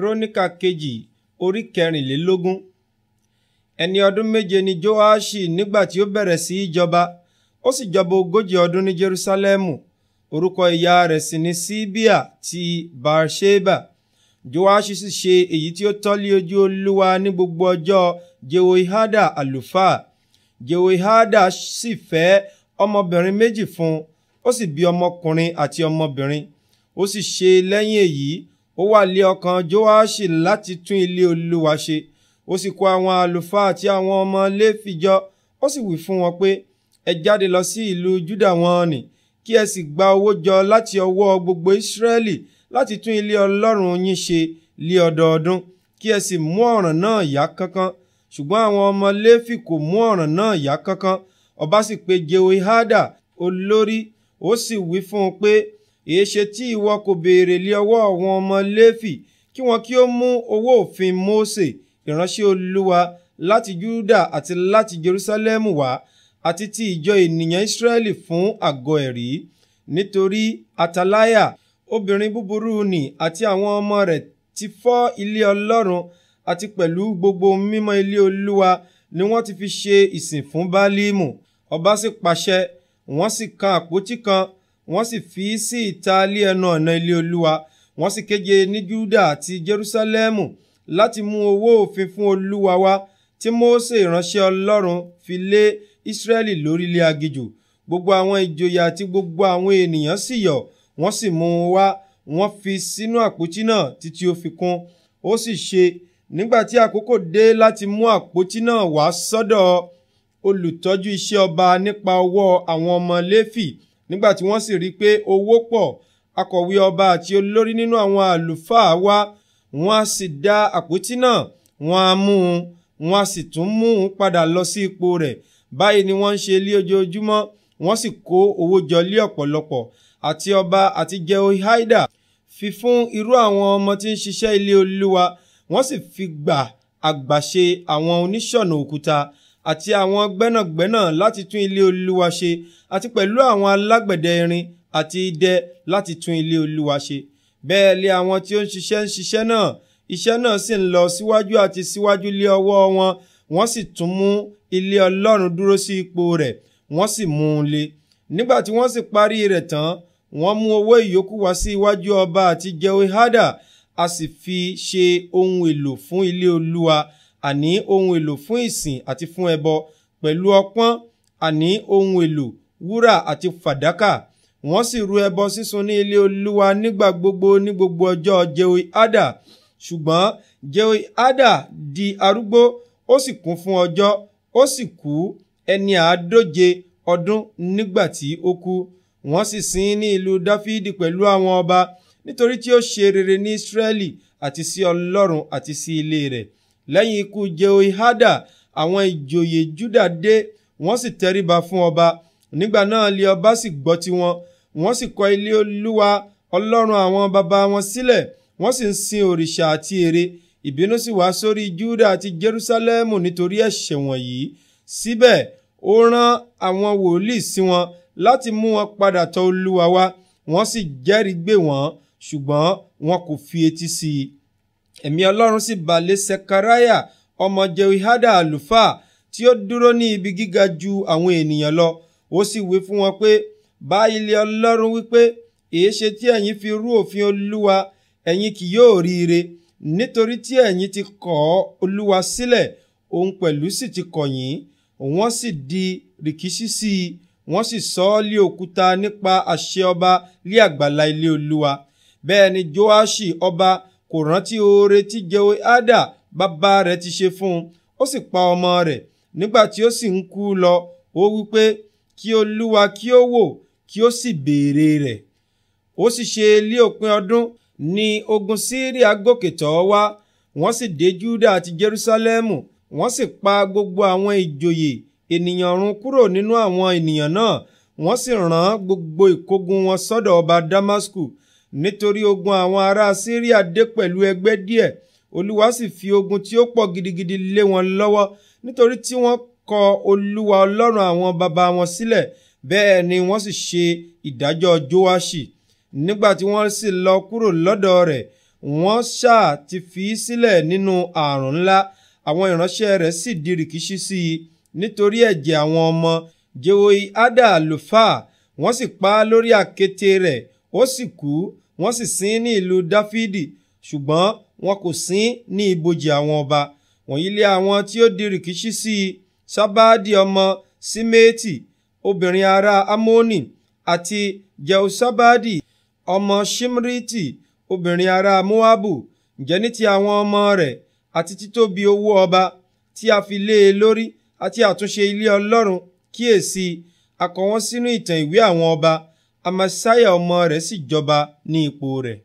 kírónìkà kejì orí kẹrìnlélógún ẹni ọdún méje ni joashi nígbà tí ó bẹ̀rẹ̀ sí í jọba ó sì jọba ogójì ọdún ní jerusalemu orúkọ ìyá rẹ̀ sì ni síbíà ti barsheba joaṣi sì ṣe èyí tí ó tọ́ lí ojú olúwa ní gbogbo ọjọ́ jehoihada àlùfáà jehoihada sì fẹ́ ọmọbìnrin méjì fún ó sì bí ọmọkùnrin àti ọmọbìnrin ó sì ṣe lẹ́yìn èyí ó wà lé ọkàn Jóáṣì láti tún ilé Olúwa ṣe ó sì kó àwọn àlùfáà àti àwọn ọmọ Léfì jọ ó sì wí fún wọn pé ẹ jáde lọ sí ìlú Júdà wọn nì kí ẹ sì gba owó jọ láti ọwọ́ gbogbo Ísírẹ́lì láti tún ilé Ọlọ́run yín ṣe lé ọdọọdún kí ẹ sì mú ọ̀ràn náà yá kánkán ṣùgbọ́n àwọn ọmọ Léfì kò mú ọ̀ràn náà yá kánkán ọba sì pe Jehoiada olórí ó sì wí fún un pé èéṣe tí ìwọ kò béèrè lé ọwọ́ àwọn ọmọ léfì kí wọn kí ó mú owó òfin mósè ìránṣẹ́ olúwa láti júdà àti láti jerúsálẹ́mù wá àti ti ìjọ ènìyàn ìsírẹ́lì fún àgọ́ ẹ̀rí nítorí àtàláyà obìnrin búburú nì àti àwọn ọmọ rẹ̀ ti fọ́ ilé ọlọ́run àti pẹ̀lú gbogbo mímọ́ ilé olúwa ni wọ́n ti fi ṣe ìsìn fún báálímù ọba sì pàṣẹ wọ́n sì kan àpótí kan wọ́n sì fi sí ìta ilé ẹnu ọ̀nà ilé olúwa wọ́n sì kéje ní Júdà àti Jerúsálẹ́mù láti mú owó òfin fún olúwa wá tí Mósè ìránṣẹ́ Ọlọ́run fi lé Ísírẹ́lì lórí ilé aginjù gbogbo àwọn ìjòyè àti gbogbo àwọn ènìyàn sì yọ̀ wọ́n sì mú un wá wọ́n fi sínú àpótí náà títí ó fi kún ó sì ṣe nígbà tí àkókò dé láti mú àpótí náà wá sọ́dọ̀ olùtọ́jú iṣẹ́ ọba nípa ọwọ́ àwọn ọmọ Léfì nígbà tí wọ́n sì rí i pé owó pọ̀ akọ̀wé ọba àti olórí nínú àwọn àlùfáà wá wọ́n á sì dá àpótí náà wọ́n á mú un wọ́n á sì tún mú un padà lọ sí ipò rẹ̀ báyìí ni wọ́n ń ṣe lé ojoojúmọ́ wọ́n sì kó owó jọ lé ọ̀pọ̀lọpọ̀ àti ọba àti Jehoiada fi fún irú àwọn ọmọ tí ń ṣiṣẹ́ ilé Olúwa wọ́n sì fi gbà àgbàṣe àwọn oníṣọ̀nà òkúta àti àwọn gbẹ́nàgbẹ́nà láti tún ilé olúwa ṣe àti pẹ̀lú àwọn alágbẹ̀dẹ irin àti idẹ láti tún ilé olúwa ṣe bẹ́ẹ̀ lé àwọn tí ó ń ṣiṣẹ́ ń ṣiṣẹ́ náà iṣẹ́ náà sì ń lọ síwájú àti síwájú lé ọwọ́ wọn wọ́n sì tún mú ilé ọlọ́run dúró sí ipò rẹ̀ wọ́n sì mú un le nígbà tí wọ́n sì parí rẹ̀ tán wọ́n mú owó ìyókù wá sí iwájú ọba àti jehoiada a sì fi ṣe ohun èlò fún ilé olúwa àní ohun èlò fún ìsìn àti fún ẹbọ pẹ̀lú ọpọ́n àní ohun èlò wúrà àti fàdákà wọ́n sì rú ẹbọ sísun ní ilé olúwa nígbà gbogbo ní gbogbo ọjọ́ jehoiada ṣùgbọ́n jehoiada di arúgbó ó sì kún fún ọjọ́ ó sì kú ẹni àádóje ọdún nígbà tí ó kú wọ́n sì sin ní ìlú dáfídì pẹ̀lú àwọn ọba nítorí tí ó ṣe rere ní israẹli àti sí ọlọ́run àti sí ilé rẹ̀ lẹ́yìn ikú jehoiada àwọn ìjòyè juda dé wọ́n sì tẹríba fún ọba nígbà náà lé ọba sì gbọ́ tiwọn wọ́n sì kọ̀ ilé olúwa ọlọ́run àwọn baba wọn sílẹ̀ wọ́n sì ń sin òrìṣà àti ère ìbínú sì wá sórí juda àti jerusalemu nítorí ẹ̀ṣẹ̀ wọ̀nyí síbẹ̀ ó rán àwọn wòlíì sí wọn láti mú wọn padà tọ̀ olúwa wá wọ́n sì jẹ́rìí gbé wọn ṣùgbọ́n wọn kò fi etí sí i ẹ̀mí ọlọ́run sì balẹ̀ sekariah ọmọ jehoiada àlùfáà tí ó dúró ní ibi gíga ju àwọn ènìyàn lọ ó sì wí fún wọn pé bá ilé ọlọ́run wípé èéṣe tí ẹ̀yin fi rú òfin olúwa ẹ̀yin kì yóò ríire nítorí tí ẹ̀yin ti kọ̀ olúwa sílẹ̀ òun pẹ̀lú sì ti kọ̀ wọ́n sì di rìkíṣí sí i wọ́n sì sọ ọ́ lé òkúta nípa àṣẹ ọba lé àgbàlá ilé olúwa bẹ́ẹ̀ ni joashi ọba kò rántí oore tí Jehoiada bàbá rẹ̀ ti ṣe fún un ó sì pa ọmọ rẹ̀ nígbà tí ó sì ń kú lọ ó wípé kí olúwa kí ó wò kí ó sì béèrè rẹ̀ ó sì ṣe ilé òpin ọdún ni ogun Síríà gòkè tọ́ wá wọ́n sì dé Júdà àti Jerúsálẹ́mù wọ́n sì pa gbogbo àwọn ìjòyè ènìyàn run kúrò nínú àwọn ènìyàn náà wọ́n sì rán gbogbo ìkógun wọn sọ́dọ̀ ọba Damasku nítorí ogun àwọn ará Síríà dé pẹ̀lú ẹgbẹ́ díẹ̀ olúwa sì fi ogun tí ó pọ̀ gidigidi lé wọn lọ́wọ́ nítorí tí wọ́n kọ olúwa ọlọ́run àwọn baba wọn sílẹ̀ bẹ́ẹ̀ ni wọ́n sì ṣe ìdájọ́ Jóáṣì nígbà tí wọ́n sì lọ kúrò lọ́dọ̀ rẹ̀ wọ́n ṣáà ti fi í sílẹ̀ nínú àrùn ńlá àwọn ìránṣẹ́ rẹ̀ sì di rìkíṣí sí i nítorí ẹ̀jẹ̀ àwọn ọmọ jehoiada àlùfáà wọ́n sì pa á lórí àkéte rẹ̀ ó sì kú wọ́n sì sin ní ìlú dáfídì ṣùgbọ́n wọn kò sin ní ibojì àwọn ọba wọ̀nyí lé àwọn tí ó di rìkíṣí sí i sábàdì ọmọ síméètì obìnrin ará amóni àti jehoṣabadi ọmọ shimriti obìnrin ará moabu ǹjẹ́ ní ti àwọn ọmọ rẹ̀ àti títóbi owó ọba tí a fi lé e lórí àti àtúnṣe ilé ọlọ́run kíyèsí a sínú ìtàn ìwé àwọn ọba Amaṣaiah ọmọ rẹ̀ sì jọba ní ipò rẹ̀.